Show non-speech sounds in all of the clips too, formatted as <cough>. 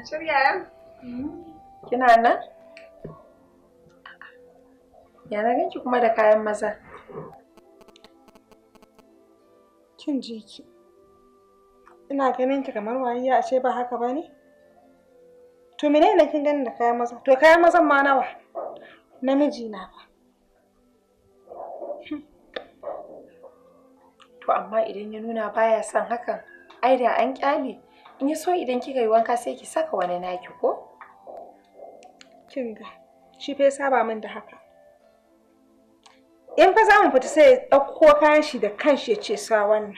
Na shirya yan? Mm. Kina nan? Ya na ganki kuma da kayan maza. Kin ji ki. Ina ganin ki kamar wayayya ce ba haka ba ne? To menene kin ganin da kayan maza? To kayan mazan ma nawa? Namiji na ba. To amma idan ya nuna baya son hakan, ai da an kyale. in so idan kika yi wanka sai ki saka wani naki ko? Kin ga, shi fa ya saba min da haka. In fa za mu fita sai ya ɗauko kayan shi da kanshi ya ce sa wannan.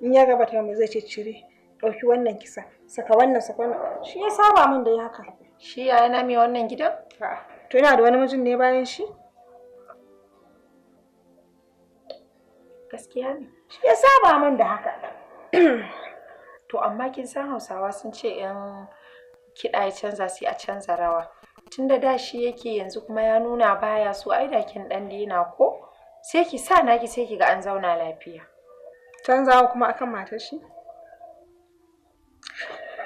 In ya gaba ta zai ce cire, ɗauki wannan kisa, saka wannan saka wannan. Shi ya saba min da ya haka. Shi ya na mai wannan gidan? To yana da wani mijin ne bayan shi? Gaskiya ne. Shi ya saba min da haka. <clears throat> to amma kin san hausawa sun ce 'yan kiɗa ya canza sai a canza rawa tun da da shi yake yanzu kuma ya nuna baya so ai da kin dan daina ko sai ki sa naki sai ki ga an zauna lafiya canzawa kuma akan matar shi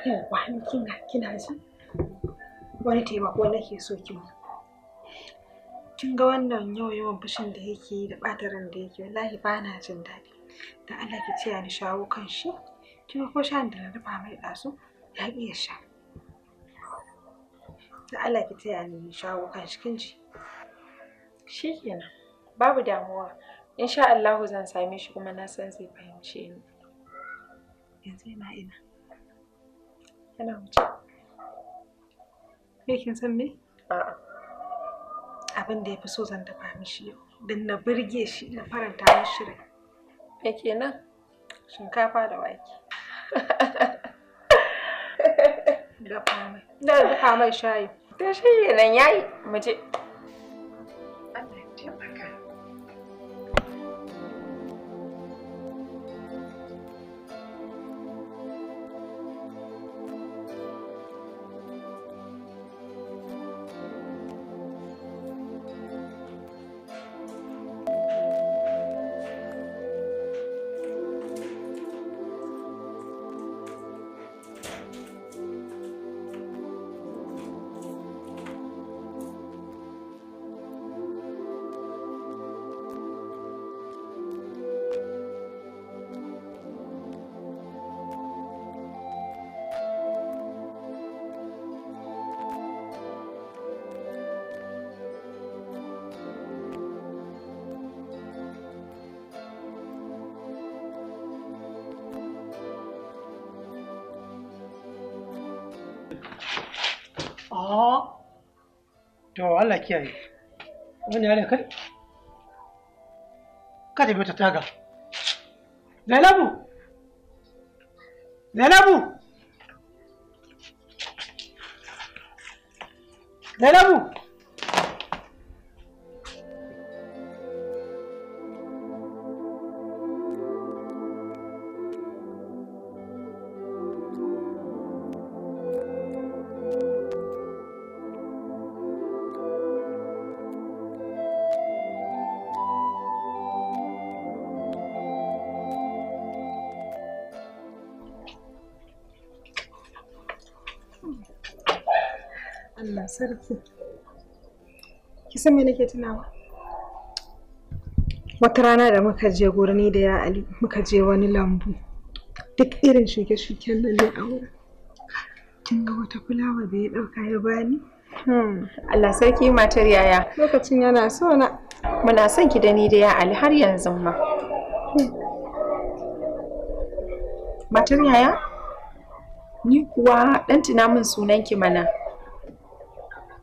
yawa ni kina kina ji wani taimako ke so ki kin ga wannan yawan yawan fushin da yake da ɓata ran da yake wallahi ba na jin daɗi da Allah ki a ni shawo kan shi kin ko shan da na dafa mai ɗazu ya iya sha da Allah ki taya ni shawo kan shi kin ji Shi kenan, babu damuwa insha Allah zan same shi kuma na san zai fahimce ni yanzu yana ina yana wuce ke kin san me a'a abin da ya fi so zan dafa mishi yau don na birge shi na faranta mishi rai me kenan shinkafa da wake <laughs> dafa mai shayi ta shi nan yayi muje a to Allah kiyaye wani yare kai ka bi ta taga Zainabu Zainabu Zainabu sarki. Ki san me nake tunawa? Wata rana da muka je gurin da ya Ali, muka je wani lambu. Duk irin shuke-shuken nan ne a wurin. Kin ga wata fulawa da ya ɗauka ya bani? Hmm, Allah sarki matar yaya. Lokacin yana so na. Muna son ki da ni da ya Ali har yanzu ma. Hmm. Matar yaya? Ni kuwa dan tuna min sunan ki mana.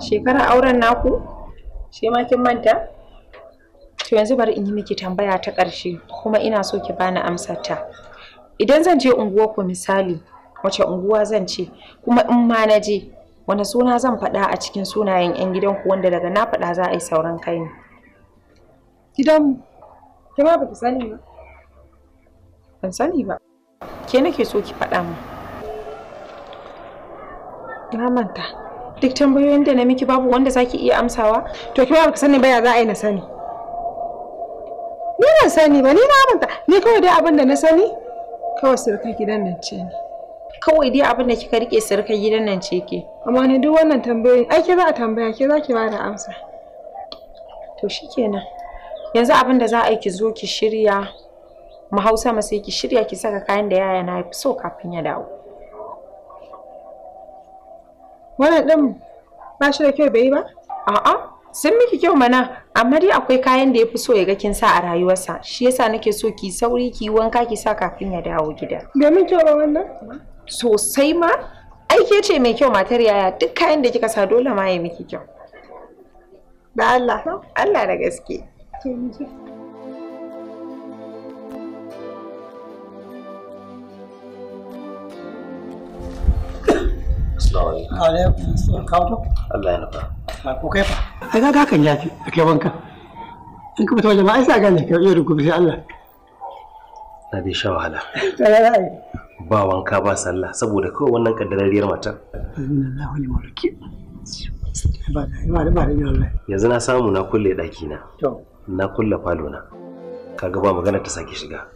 Shekara auren naku shi ma kin manta to yanzu bari in yi miki tambaya ta ƙarshe kuma ina so ki bani amsar ta idan zan je unguwar ku misali wace unguwa zan ce kuma in ma na je wani suna zan faɗa a cikin sunayen 'yan gidanku wanda daga na faɗa za a yi sauran kai ne gidanmu ki ma baki sani ba ban sani ba ke nake so ki faɗa min na manta duk tambayoyin da na miki babu wanda zaki iya amsawa to ki ba sani baya za a yi na sani ni na sani ba ni na abinta ni kawai dai abin da na sani kawai surkar gidan nan ce ne kawai dai abin da kika rike surkar gidan nan ce ke amma ni duk wannan tambayoyin ai ke za a tambaya ke za ki ba da amsa to shikenan yanzu abin da za a yi ki zo ki shirya mu hausa ma sai ki shirya ki saka kayan da yaya na fi so kafin ya dawo wannan ɗin ba shi da kyau bai ba a'a sun miki kyau mana amma dai akwai kayan da ya fi so ya ga kin sa a rayuwarsa shi yasa nake so ki sauri ki wanka ki sa kafin ya dawo gida bai min kyau ba wannan sosai ma aike ce mai kyau matar yaya duk kayan da kika sa dole ma ya miki kyau da Allah Allah da gaske Allah ya Ba Ko kai fa? a kai wanka. ka ma ai ka Allah. Na dai sha wahala. Ba wanka ba sallah saboda kawai wannan kaddarariyar matar. ne Ba Yanzu na samu na kulle ɗakina na. Na kulle falo na. Kaga ba magana ta sake shiga.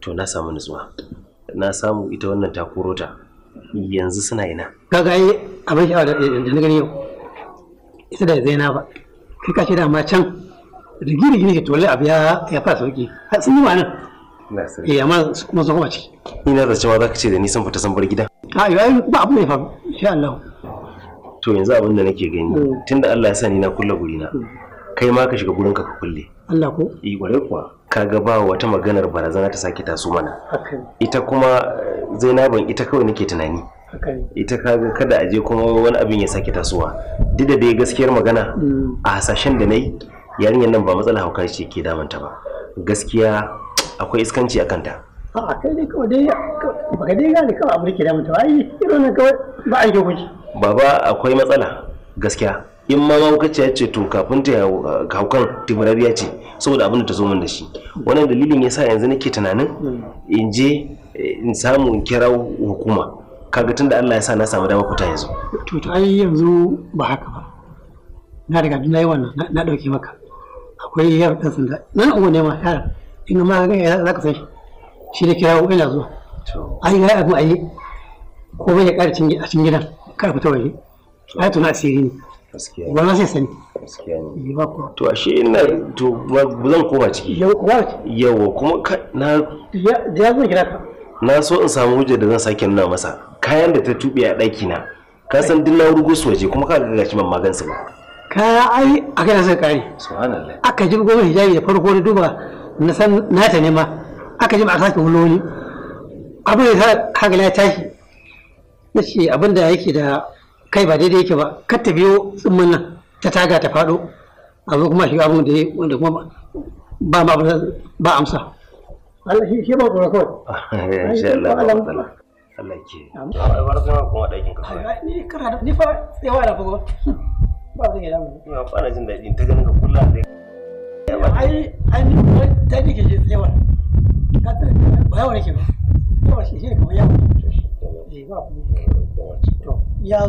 To na samu nutsuwa. Na samu ita wannan ta korota. yanzu suna ina Ka yi abin sha'awar da na gani yau isa da na ba kai ka da ma can rigirigi ne to abu ya ya fara sauki har sun yi ma nan eh amma kuma sun kuma ciki ni na zarcewa ma ka ce da ni sun fita sun bar gida a yi ba abu ne fa insha Allah to yanzu abin da nake gani hmm. tunda Allah ya sa ni na kulle gurina hmm. kai ma ka shiga gurinka ka kulle Allah ko eh gware kuwa ga ba wata maganar barazana ta sake taso mana ita kuma zainabin ita kawai nake tunani ita kaga kada a je kuma wani abin ya sake tasowa duk da dai gaskiyar magana mm. a hasashen da na yi yarinyar nan ba matsala hauka ce ke damanta ba gaskiya akwai iskanci a kanta a kai dai kawai dai baka dai gane kawai abu da ke damanta ba ai irin kawai ba a yi kuci baba akwai matsala gaskiya in ma mahaukaciya ce to kafin ta eh, haukan timarabiya ce saboda abin da ta zo min da shi wannan dalilin ya sa yanzu nake tunanin hmm. in je eh, in samu in kira hukuma kaga tunda Allah ya sa na samu dama fita yanzu to to ai yanzu ba haka ba na daga na yi wannan na dauke maka akwai yar dan sanda nan uwa ne ma yar in ma ga ya zaka sai shi da kirawo ina zuwa ai ga abu ai ko bai ya karcin a cikin gidan kar fita waje ai tuna asiri ne ba zai sani to ashe ina to zan koma ciki yawa kuma na ya zo gida ka na so in samu hujjar da zan sake nuna masa kayan da ta tube a ɗaki na ka san duk na rugo su waje kuma ka ga gashi ban magan su ba kaya ai aka kai sai kare subhanallah aka ji gobe hijabi da farko da duba na san na ta nema. aka ji ba sake wuloni abin da ka ga ya tashi nace abin da yake da kai ba daidai yake ba kar biyo tsumman nan ta taga ta faɗo a kuma shiga abin da ya wanda kuma ba ma ba amsa Allah shi shi ba tsoro kawai <laughs> insha Allah Allah ke a bar zama da yake ka ni kara ni fa wa da ba zan yi mu ba fara jin daɗi ta ganin ka kula da ai ai ni ko ta dike je ka ba yawa nake ba shi shi kamar yawa 가 ba ku to ya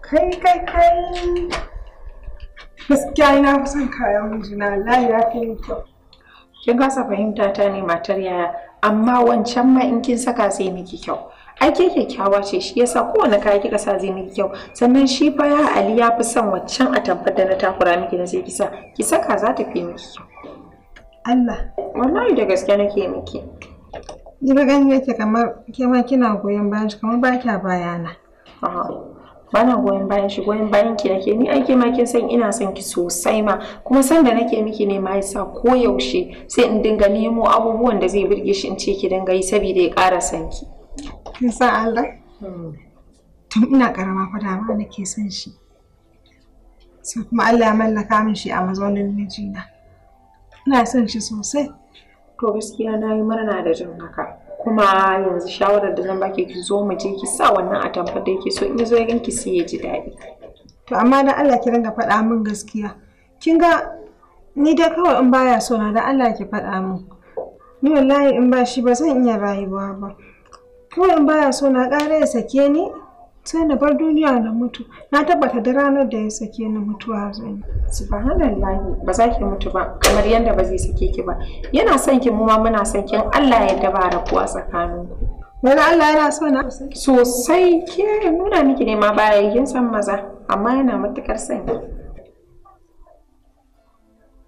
kai kai kai gaskiya ina fi son kayan mijina layi ya fi yi kyau kin kasa fahimta ta ne matar yaya amma wancan ma in kin saka sai miki kyau ake kyakkyawa ce shi yasa kowane kaya kika sa zai miki kyau sannan shi fa ya ali ya fi son waccan a tamfar da na takura miki na sai kisa ki saka za ta fi miki kyau Allah wallahi da gaske nake miki ni ga gani yake kamar ke ma kina goyon bayan shi kamar ba kya bayana bana goyon bayan shi goyon bayan ki nake ni ake ma kin san ina son ki sosai ma kuma san da nake miki ne ma yasa yaushe sai in dinga nemo abubuwan da zai burge shi in ce ki dinga yi saboda ya ƙara sanki. ki Kin san Allah? Hmm. Tun ina karama fa dama nake son shi. Sai kuma Allah ya mallaka min shi a mazaunin mijina. Ina son shi sosai. To gaskiya na yi murna da jin haka. Kuma yanzu shawarar da zan baki ki zo mu je ki sa wannan atamfar da yake so in zo ya ganki sai ya ji daɗi. To amma dan Allah ki dinga faɗa min gaskiya. Kin ga ni dai kawai in baya so na dan Allah ki faɗa min. Ni wallahi in ba shi ba zan iya rayuwa ba. kawai baya so na ƙara ya sake ni sai na bar duniya na mutu na tabbata da ranar da ya sake ni mutuwa zan subhanallahi ba za ki mutu ba kamar yadda ba zai sake ki ba yana son ki mu ma muna son ki Allah ya daba rabuwa tsakanin ku wani Allah yana so na sosai ke nuna miki ne ma baya yin san maza amma yana matukar son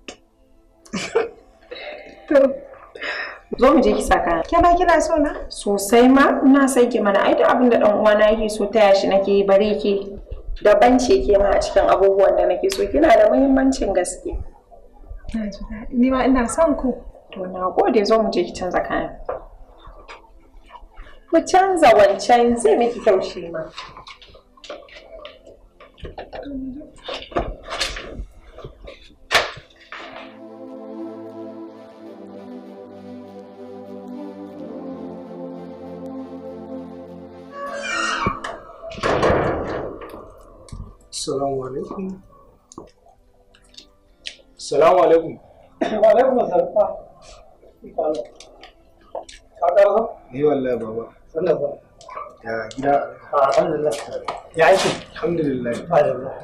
ki <laughs> to zo mu je ki saka ke ma kina so na sosai ma ina son ki mana ai duk abin da dan uwana yake so taya shi nake bare ki da ce ke ma a cikin abubuwan da nake so kina da muhimmancin gaske ni ma ina son ku to na gode zo mu je ki canza kayan ku canza wancan zai miki taushe ma Assalamu alaikum. Assalamu alaikum. Wa alaikum assalam. Ah, ka ƙarfa? Ni wallahi baba. Sannan ba. Ya gida. Ah, alhamdulillah. Ya aiki. Alhamdulillah.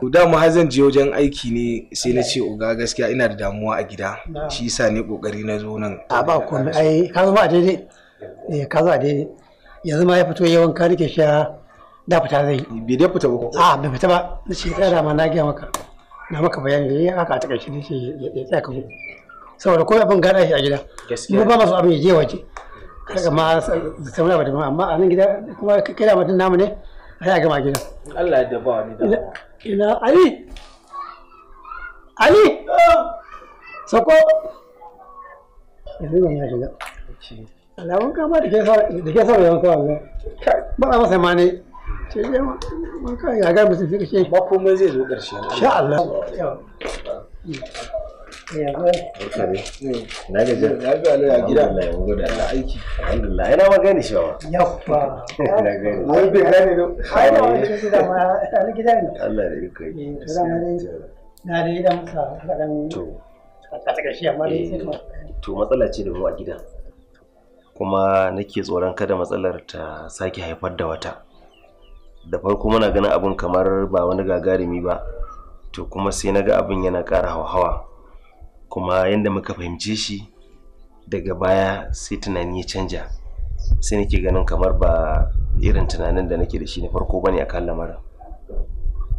To da mu zan je wajen aiki ne sai na ce oga gaskiya ina da damuwa a gida. Shi yasa ne kokari na zo nan. A ah, ba komai ai ka zo ba daidai. Eh ka zo daidai. Yanzu ma ya fito yawan ka rike sha da fita zai bai dai fita ba ko a bai fita ba na ce tsaya ma na gaya maka na maka bayani da eh, ya haka a takaice ne ce ya tsaya ka zo saboda ko abin gada shi a gida mu ba masu abin ya je waje kaga ma da sauna ba da ma amma a nan gida kuma kai da mutum namu ne sai a gama gida Allah ya da ba ni da ina ali ali sako yanzu ne ya shiga alamun kama da ke sauran yawan kawai ba a masa ma ne sai dai man kan ya ga mutum fika shi ba komai zai zo ƙarshe insha Allah na gaji na ga Allah ya gida Allah ya gode Allah aiki alhamdulillah ina ma shi ba yawa <laughs> na gane mun bi do ai wani shi da ma gida ne Allah ya yi kai eh, na da idan musa kadan to a tsaka ya amma dai eh, to matsala ce da mu a gida kuma nake tsoron kada matsalar ta sake haifar da wata da farko muna ganin abin kamar ba wani gagarumi ba to kuma sai na ga abin yana ƙara hauhawa kuma yadda muka fahimce shi daga baya sai tunani ya canja sai nake ganin kamar ba irin tunanin da nake da shi na farko bane a kan lamarin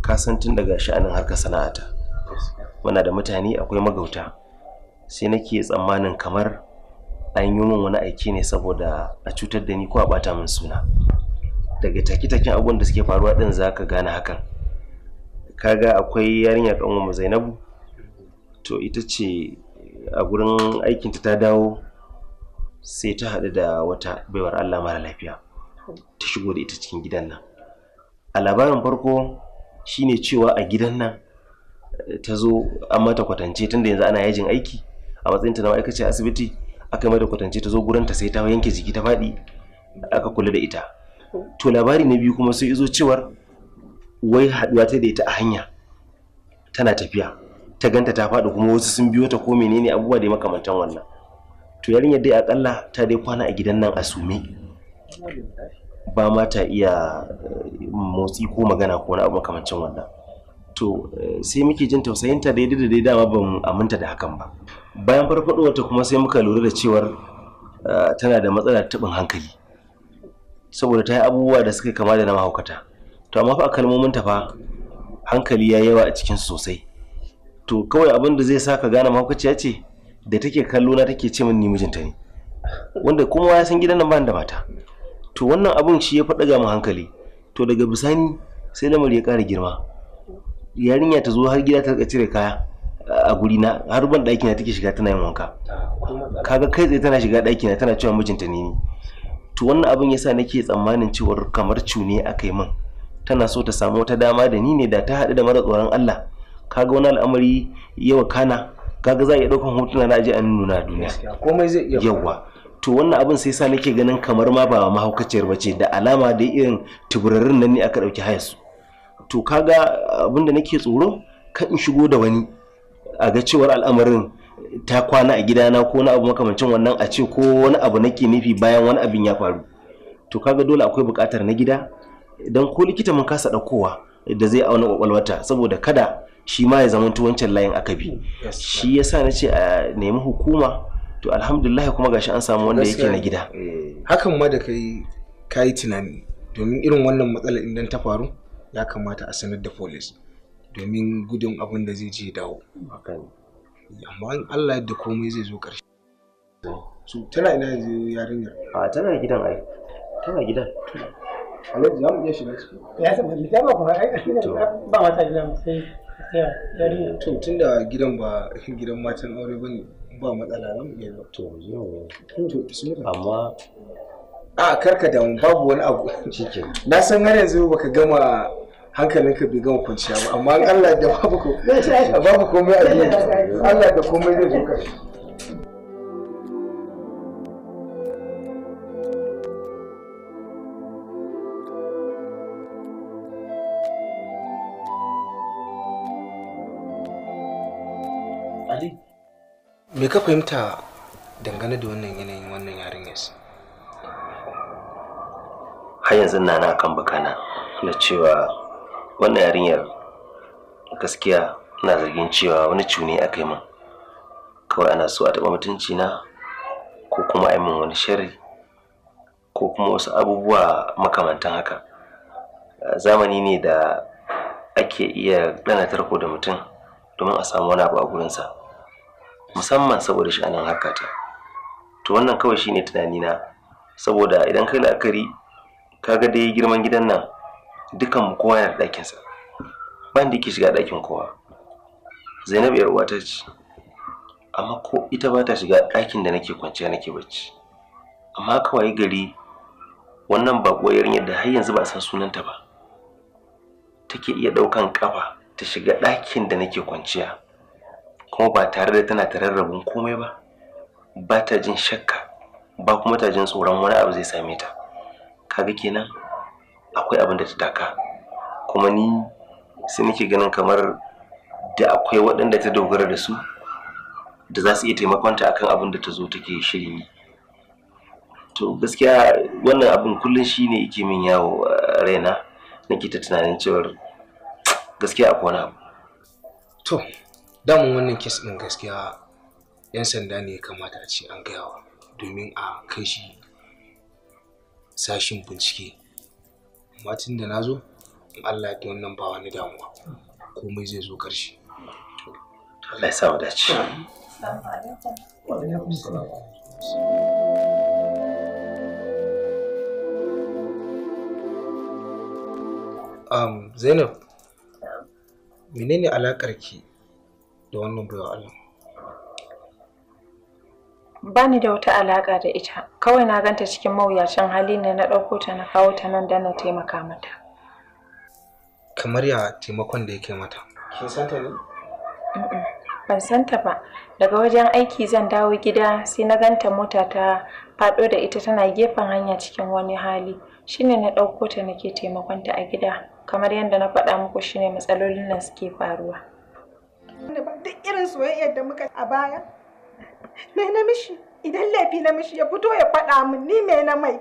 ka san tun daga sha'anin harkar sana'ata muna da mutane akwai magauta sai nake tsammanin kamar an yi min wani aiki ne saboda a cutar da ni ko a bata min suna daga take-taken abubuwan da suke faruwa din za ka gane hakan kaga akwai yarinya kanwa zainabu to ita ce a gurin aikinta ta dawo sai ta haɗu da wata baiwar allah mara lafiya ta shigo da ita cikin gidan nan a labarin farko shine cewa a gidan nan eh, ta zo an mata kwatance tunda yanzu ana yajin aiki a matsayinta na ma'aikacin asibiti aka yi mata kwatance ta zo gurin sai ta yanke jiki ta faɗi aka kula da ita to labari na biyu kuma sai izo cewar wai haɗuwa ta daita a hanya tana tafiya ta ganta ta faɗi kuma wasu sun biyo ta ko menene abubuwa da makamantan wannan to yarinya dai akalla ta dai kwana a gidan nan a sume ba ma ta iya eh, motsi ko magana ko wani abu makamancin wannan to eh, sai muke jin tausayinta daidai da dai dama mu aminta da hakan ba bayan ta kuma sai muka lura da cewar eh, tana da matsalar tabin hankali saboda ta yi abubuwa da suka kama da na mahaukata to amma fa kalmomin ta fa hankali ya yawa a cikin sosai to kawai abin da zai sa ka gane mahaukaciya ce da take kallo na take ce min ni mijinta ne wanda kuma ya san gidan nan ba da mata to wannan abin shi ya faɗa mu hankali to daga bisani sai lamari ya ƙara girma yarinya ta zo har gida ta cire kaya a guri na har ban ɗaki na take shiga tana yin wanka ah, kaga kai tsaye tana shiga ɗaki na tana cewa mijinta ne to wannan abin yasa nake tsammanin cewar kamar cune aka yi min tana so ta samu wata dama da ni ne da ta haɗu da mara tsoron Allah kaga wani al'amari yawa kana kaga za a iya ɗaukan hotuna na ji an nuna a duniya komai zai iya yawa to wannan abin sai sa nake ganin kamar ma ba mahaukaciyar bace da alama da irin tuburarin nan ne aka ɗauki su to kaga abin da nake tsoro kan in shigo da wani a ga cewar al'amarin ta kwana a gidana ko na abu makamancin wannan a ce ko wani abu na ke nufi bayan wani abin ya faru to kaga dole akwai bukatar na gida don ko likita mun kasa ɗaukowa da zai auna kwakwalwata saboda kada shi ma ya zamanto wancan layin aka bi shi sa na ce a nemi hukuma to alhamdulillah kuma gashi an samu wanda yake na gida eh, hakan ma da kai kayi tunani domin irin wannan matsalar idan ta faru ya kamata a sanar da police domin gudun abin da zai je dawo amma in Allah yadda komai zai zo ƙarshe so tana ina yarinyar a tana gidan ai tana gidan Alhaji za mu iya shiga ciki. Ya san da ta ba kuma ba mata gidan sai yarinya. To tunda gidan ba gidan matan aure bane ba matsala nan ne ba. To yau. To bismillah. Amma a karka damu babu wani abu. Shike. Na san har yanzu baka gama ka bai gama kwanciya ba amma Allah da babu ko babu komai a duniya Allah da komai zai zo Ali me ka fahimta dangane da wannan yanayin wannan yarinyar har yanzu na na kan bakana na cewa wannan yarinyar gaskiya ina zargin cewa wani cune a kai min kawai ana so a taɓa mutunci na ko kuma a yi min wani sharri ko kuma wasu abubuwa makamantan haka zamani ne da ake iya ɗana tarko da mutum domin a samu wani abu a gurinsa musamman saboda shi anan harka ta to wannan kawai shine tunani na saboda idan kai la'akari kaga dai girman gidan nan dukan mu kowa yana ɗakin sa ban da ke shiga ɗakin kowa Zainab yar ta ce amma ko ita ba ta shiga ɗakin da nake kwanciya nake bacci amma kawai gari wannan ba yarinyar da har yanzu ba a san sunanta ba take iya ɗaukan kafa ta shiga ɗakin da nake kwanciya kuma ba tare da tana tararrabin komai ba ba ta jin shakka ba kuma ta jin tsoron wani abu zai same ta kaga kenan akwai abin da ta taka kuma ni sai nake ganin kamar da akwai waɗanda ta dogara da su da za su iya taimakonta akan abin da ta zo take shirin yi to gaskiya wannan abin kullum shi ne yake min yawo raina nake ta tunanin cewar gaskiya akwai wani abu to damun wannan kes ɗin gaskiya 'yan sanda ne ya kamata a ce an gayawa domin a kai shi sashin bincike amma da na zo in Allah ya wannan ba wani damuwa komai zai zo ƙarshe Allah ya sa wadace Zainab, menene alaƙarki da wannan baiwa Allah? ba ni da wata alaƙa da ita kawai na ganta cikin mawuyacin hali ne na ɗauko ta na kawo ta nan da na taimaka mata kamar ya taimakon da yake mata kin san ta ne ban san ta ba daga wajen aiki zan dawo gida sai na ganta mota ta faɗo da ita tana gefen hanya cikin wani hali shine na ɗauko ta nake taimakon ta a gida kamar yadda na faɗa muku shine matsalolin nan suke faruwa duk irin soyayyar da muka a baya Me namishi mishi? Idan laifi na mishi ya fito ya faɗa min ni me na mai.